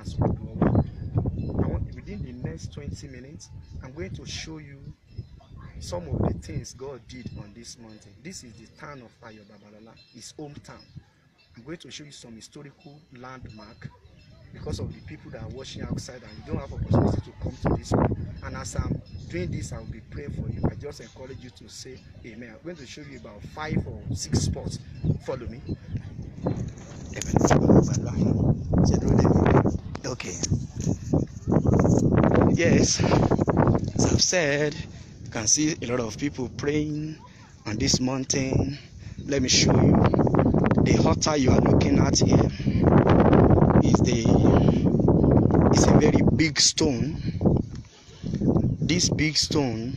as we go along. I want, within the next 20 minutes, I'm going to show you some of the things God did on this mountain. This is the town of Ayo his hometown. I'm going to show you some historical landmark because of the people that are watching outside and you don't have opportunity to come to this one. And as I'm doing this, I'll be praying for you. I just encourage you to say amen. I'm going to show you about five or six spots. Follow me. Okay. Yes, as I've said, you can see a lot of people praying on this mountain. Let me show you. The altar you are looking at here is the it's a very big stone. This big stone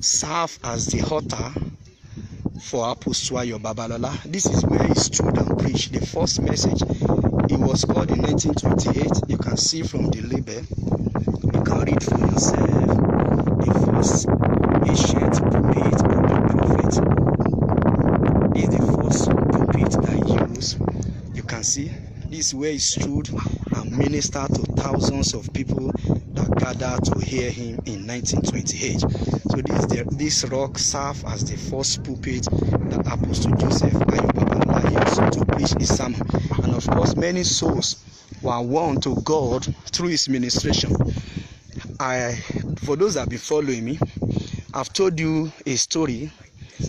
serves as the altar for Apostle Your Babalola. This is where he stood and preached the first message it was called in 1928. You can see from the label. You can read for yourself. The first ancient pulpit of the prophet is the first pulpit that used. You can see this is where he stood and ministered to thousands of people that gathered to hear him in 1928. So this this rock served as the first pulpit that Apostle Joseph Ayubabala used to preach his sermon. of course, many souls were won to God through his ministration. I, for those that be following me, I've told you a story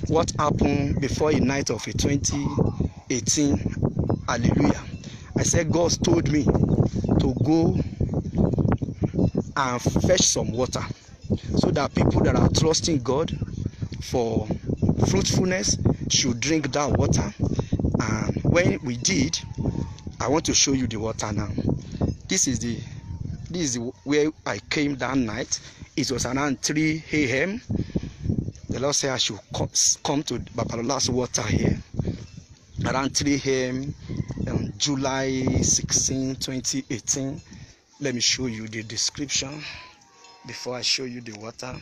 what happened before a night of a 2018 hallelujah i said god told me to go and fetch some water so that people that are trusting god for fruitfulness should drink that water and when we did i want to show you the water now this is the this is where i came that night it was around 3 a.m the lord said i should come to babalola's water here around 3 a.m on july 16 2018 let me show you the description before i show you the water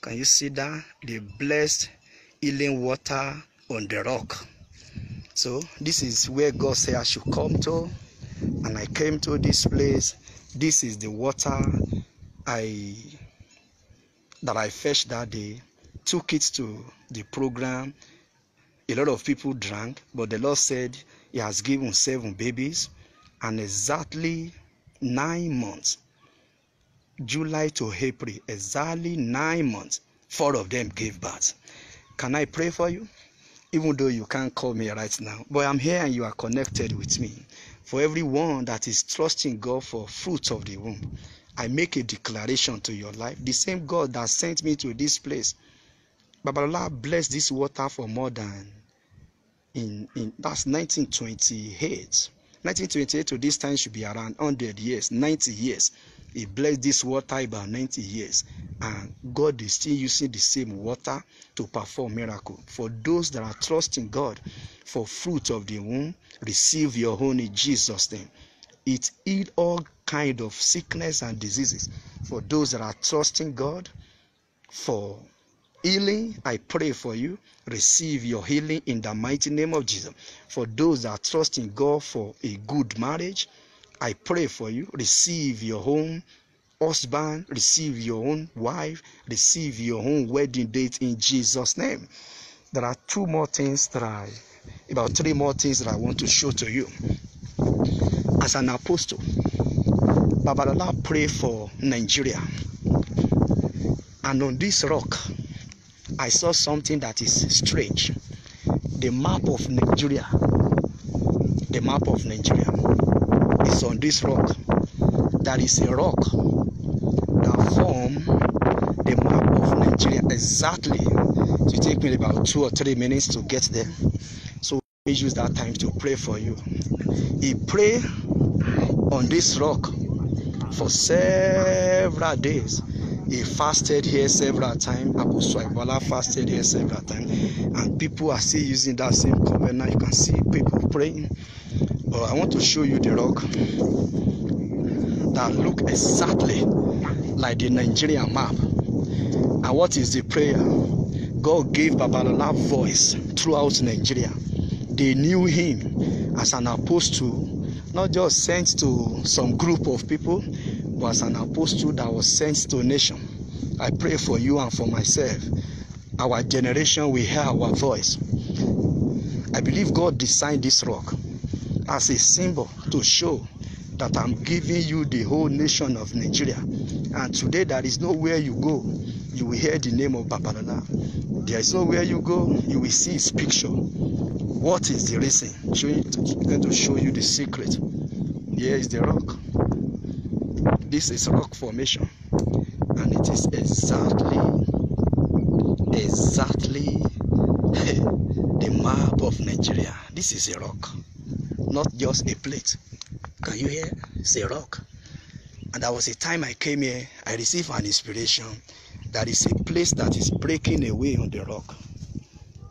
can you see that the blessed healing water on the rock So this is where God said I should come to, and I came to this place. This is the water I that I fetched that day. Took it to the program. A lot of people drank, but the Lord said He has given seven babies, and exactly nine months, July to April, exactly nine months, four of them gave birth. Can I pray for you? even though you can't call me right now, but I'm here and you are connected with me. For everyone that is trusting God for fruits of the womb, I make a declaration to your life. The same God that sent me to this place, Babalola blessed this water for more than in, in that's 1928. 1928 to this time should be around 100 years, 90 years. He blessed this water about 90 years and God is still using the same water to perform miracle. For those that are trusting God for fruit of the womb, receive your own in Jesus' name. It healed all kind of sickness and diseases. For those that are trusting God for healing, I pray for you. Receive your healing in the mighty name of Jesus. For those that are trusting God for a good marriage, I pray for you. Receive your home husband, receive your own wife, receive your own wedding date in Jesus' name. There are two more things that I, about three more things that I want to show to you. As an apostle, Babalala pray for Nigeria. And on this rock, I saw something that is strange. The map of Nigeria, the map of Nigeria is on this rock. There is a rock exactly to take me about two or three minutes to get there. So we use that time to pray for you. He prayed on this rock for several days. He fasted here several times. Abu Swaibola fasted here several times. And people are still using that same covenant. You can see people praying. But I want to show you the rock that look exactly like the Nigerian map. And what is the prayer? God gave Babalola voice throughout Nigeria. They knew him as an apostle, not just sent to some group of people, but as an apostle that was sent to a nation. I pray for you and for myself. Our generation will hear our voice. I believe God designed this rock as a symbol to show that I'm giving you the whole nation of Nigeria. And today, there is nowhere you go you will hear the name of Babalana. There is nowhere you go, you will see his picture. What is the reason? I'm going to show you the secret. Here is the rock. This is rock formation, and it is exactly, exactly the map of Nigeria. This is a rock, not just a plate. Can you hear? It's a rock. And there was a time I came here, I received an inspiration there is a place that is breaking away on the rock.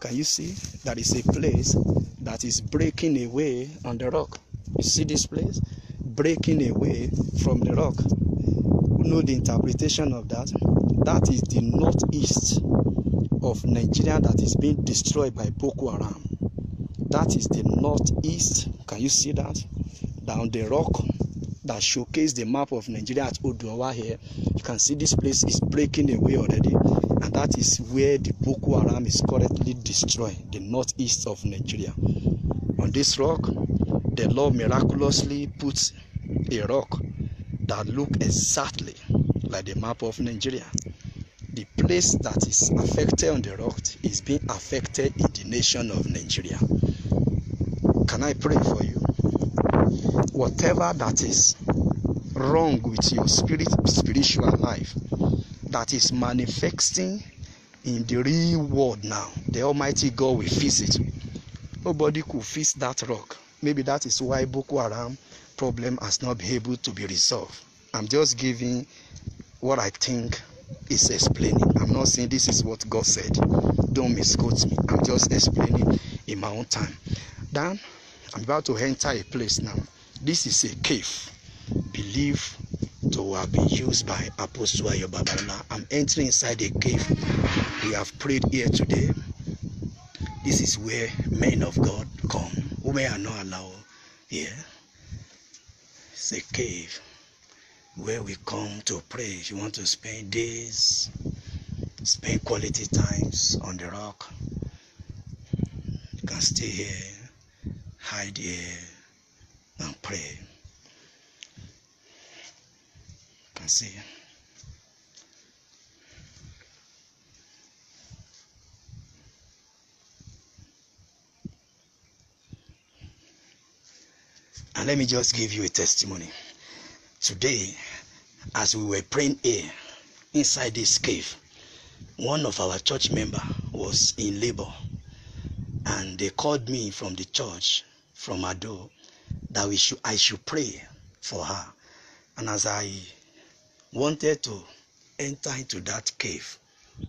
Can you see? There is a place that is breaking away on the rock. You see this place? Breaking away from the rock. You know the interpretation of that? That is the northeast of Nigeria that is being destroyed by Boko Haram. That is the northeast. Can you see that? Down the rock that showcase the map of Nigeria at Oduawa here. You can see this place is breaking away already, and that is where the Boko Haram is currently destroying the northeast of Nigeria. On this rock, the Lord miraculously puts a rock that look exactly like the map of Nigeria. The place that is affected on the rock is being affected in the nation of Nigeria. Can I pray for you? whatever that is wrong with your spirit spiritual life that is manifesting in the real world now the almighty god will fix it nobody could fix that rock maybe that is why boko haram problem has not been able to be resolved i'm just giving what i think is explaining i'm not saying this is what god said don't misquote me i'm just explaining in my own time then I'm about to enter a place now. This is a cave believed to have been used by Apostle Ayobabarana. I'm entering inside a cave. We have prayed here today. This is where men of God come. Women are not allowed here. It's a cave where we come to pray. If you want to spend days, spend quality times on the rock, you can stay here hide here and pray. You can see. And let me just give you a testimony. Today, as we were praying here inside this cave, one of our church member was in labor and they called me from the church from door, that we should, I should pray for her. And as I wanted to enter into that cave,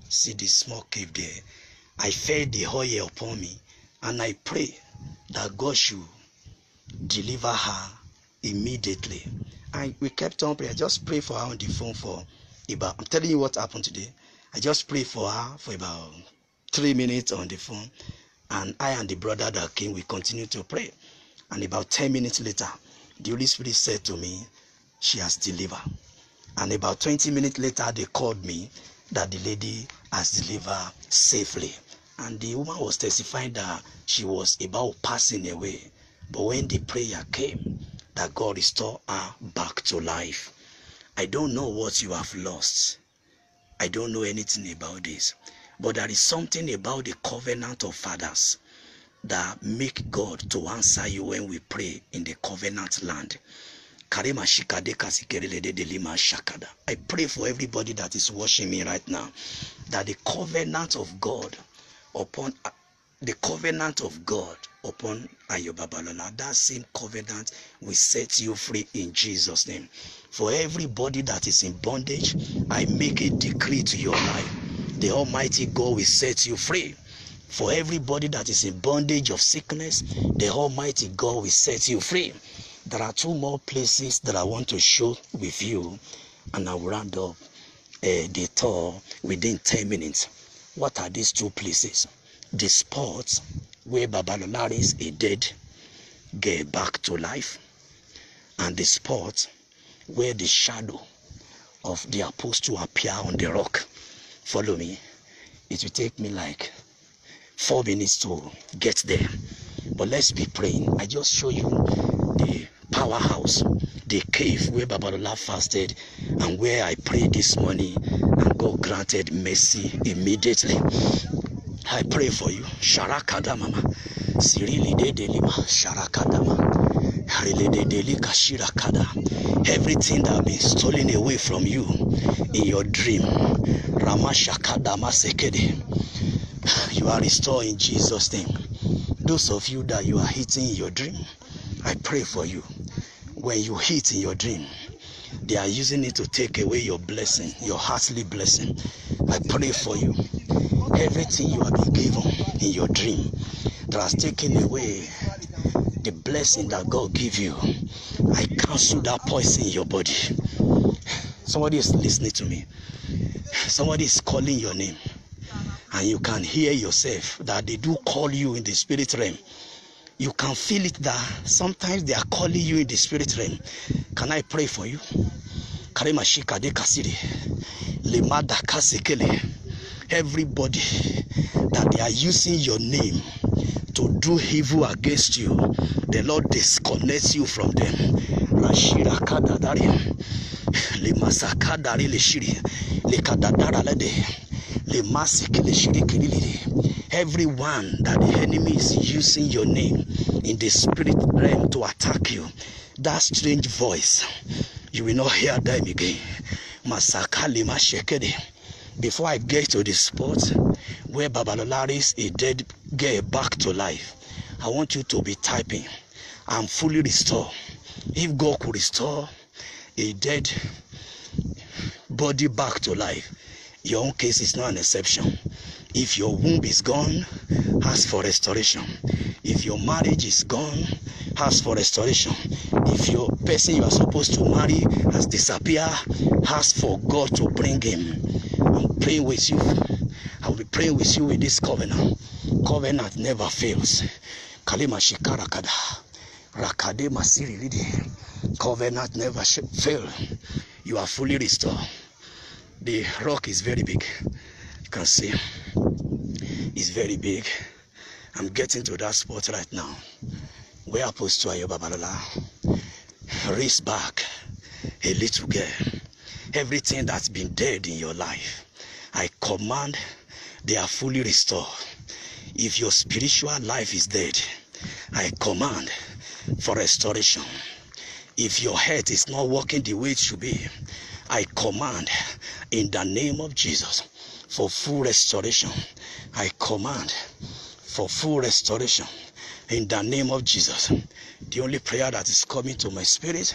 see the small cave there, I felt the oil upon me and I pray that God should deliver her immediately. And we kept on praying. I just pray for her on the phone for about, I'm telling you what happened today. I just prayed for her for about three minutes on the phone. And I and the brother that came, we continued to pray. And about 10 minutes later, the Holy Spirit said to me, She has delivered. And about 20 minutes later, they called me that the lady has delivered safely. And the woman was testifying that she was about passing away. But when the prayer came, that God restored her back to life. I don't know what you have lost. I don't know anything about this. But there is something about the covenant of fathers that make God to answer you when we pray in the covenant land. I pray for everybody that is watching me right now that the covenant of God upon uh, the covenant of God upon Ayobabalola, that same covenant will set you free in Jesus' name. For everybody that is in bondage, I make a decree to your life. The Almighty God will set you free. For everybody that is in bondage of sickness, the Almighty God will set you free. There are two more places that I want to show with you, and I will round up uh, the tour within 10 minutes. What are these two places? The spot where Babalola is a dead get back to life, and the spot where the shadow of the apostle appear on the rock. Follow me. It will take me like four minutes to get there. But let's be praying. I just show you the powerhouse, the cave where Babalola fasted and where I prayed this morning, and God granted mercy immediately. I pray for you. Sharakada mama. Sirili de delima. Sharakada mama. Everything that has been stolen away from you in your dream. Ramashakada masekede. You are restored in Jesus' name. Those of you that you are hitting your dream, I pray for you. When you hit in your dream, they are using it to take away your blessing, your heartly blessing. I pray for you. Everything you have been given in your dream that has taken away the blessing that God give you, I cancel that poison in your body. Somebody is listening to me. Somebody is calling your name. and you can hear yourself that they do call you in the spirit realm you can feel it that sometimes they are calling you in the spirit realm can i pray for you karimashikade kasiri lemada kasekele everybody that they are using your name to do evil against you the lord disconnects you from them rashirakadadari lemasakadari leshiri lekadadara lede. Le The Everyone that the enemy is using your name in the spirit realm to attack you, that strange voice, you will not hear them again. Before I get to the spot where Babalola is a dead girl back to life, I want you to be typing, I'm fully restored. If God could restore a dead body back to life, your own case is not an exception. If your womb is gone, ask for restoration. If your marriage is gone, ask for restoration. If your person you are supposed to marry has disappeared, ask for God to bring him. I'm praying with you. I will be praying with you with this covenant. Covenant never fails. Kalima kada. Rakade Masiri Covenant never fails. You are fully restored the rock is very big you can see it's very big i'm getting to that spot right now where apostle ayoba balola raised back a little girl everything that's been dead in your life i command they are fully restored if your spiritual life is dead i command for restoration if your head is not working the way it should be i command in the name of Jesus for full restoration. I command for full restoration in the name of Jesus. The only prayer that is coming to my spirit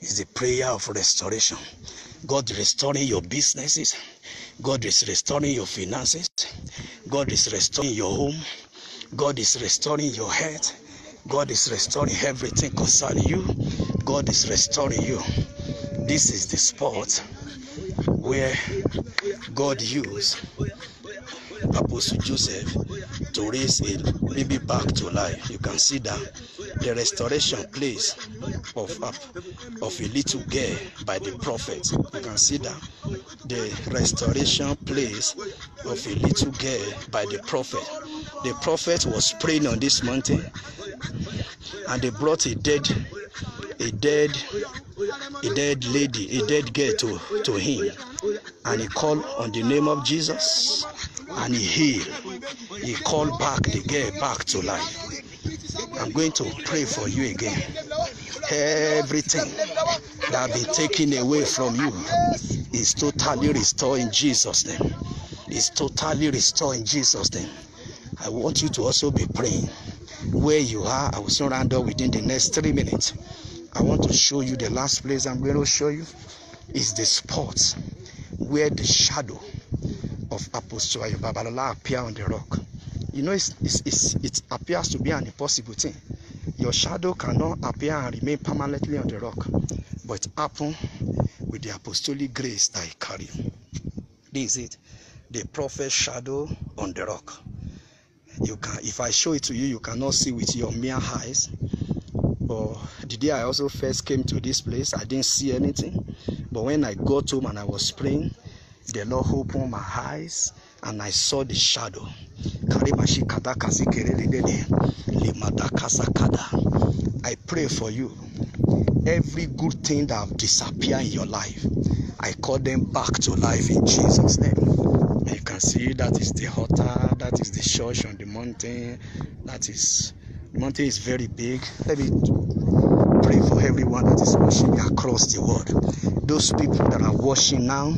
is the prayer of restoration. God restoring your businesses. God is restoring your finances. God is restoring your home. God is restoring your health. God is restoring everything concerning you. God is restoring you. This is the spot where God used Apostle Joseph to raise a baby back to life. You can see that the restoration place of, of a little girl by the prophet. You can see that the restoration place of a little girl by the prophet. The prophet was praying on this mountain and they brought a dead a dead a dead lady, a dead girl to, to him. And he called on the name of Jesus and he healed. He called back the girl back to life. I'm going to pray for you again. Everything that been taken away from you is totally restored in Jesus' name. Is totally restored in Jesus' name. I want you to also be praying. Where you are, I will soon round up within the next three minutes. I want to show you the last place I'm going to show you is the spot where the shadow of Apostle Ayobabalola appear on the rock. You know, it's, it's, it's, it appears to be an impossible thing. Your shadow cannot appear and remain permanently on the rock, but it with the apostolic grace that I carry. This is it. The prophet's shadow on the rock. You can, if I show it to you, you cannot see with your mere eyes, But the day I also first came to this place, I didn't see anything. But when I got home and I was praying, the Lord opened my eyes and I saw the shadow. kada. I pray for you. Every good thing that have disappeared in your life, I call them back to life in Jesus' name. And you can see that is the altar, that is the church on the mountain, that is mountain is very big. Let me pray for everyone that is watching across the world. Those people that are watching now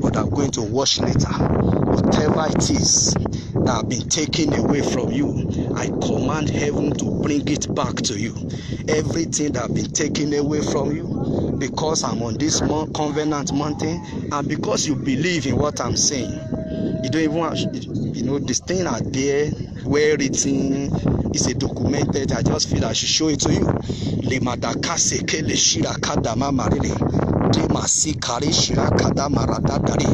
or that are going to watch later, whatever it is that have been taken away from you, I command heaven to bring it back to you. Everything that have been taken away from you, because I'm on this covenant mountain, and because you believe in what I'm saying, you don't even you know, this thing are there well written it's a documented i just feel i should show it to you lè màdàkàsẹ̀ kẹ́lẹ̀ ṣíra kádàmá tema sikari shirakada marada dari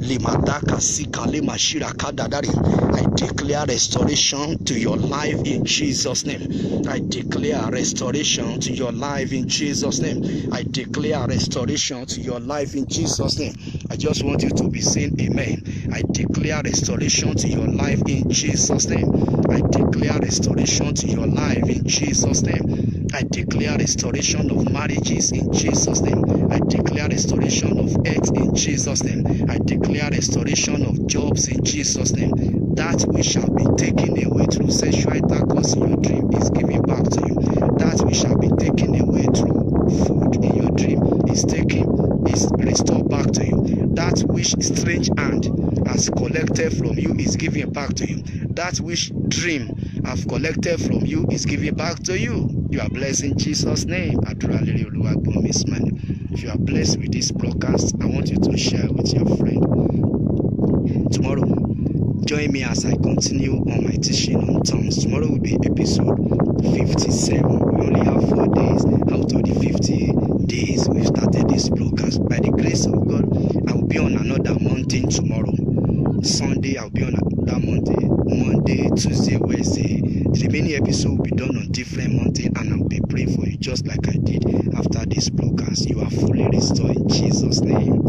limadaka sikali mashirakada dari I declare restoration to your life in Jesus name I declare restoration to your life in Jesus name I declare restoration to your life in Jesus name I just want you to be saying amen I declare restoration to your life in Jesus name I declare restoration to your life in Jesus name I declare restoration of marriages in Jesus name restoration of earth in Jesus' name. I declare restoration of jobs in Jesus' name. That which shall be taken away through sexual intercourse in your dream is given back to you. That which shall be taken away through food in your dream is taken, is restored back to you. That which strange hand has collected from you is given back to you. That which dream have collected from you is given back to you. You are blessed in Jesus' name. If you are blessed with this broadcast, I want you to share with your friend. Tomorrow, join me as I continue on my teaching on tongues. Tomorrow will be episode 57. We only have four days out of the 50 days we started this broadcast. By the grace of God, I will be on another mountain tomorrow. Sunday, I'll be on that mountain. Monday, Tuesday, Wednesday. The remaining episode will be done on different mountain, and I'll be praying for you just like I did after this broadcast, you are fully restored in Jesus' name.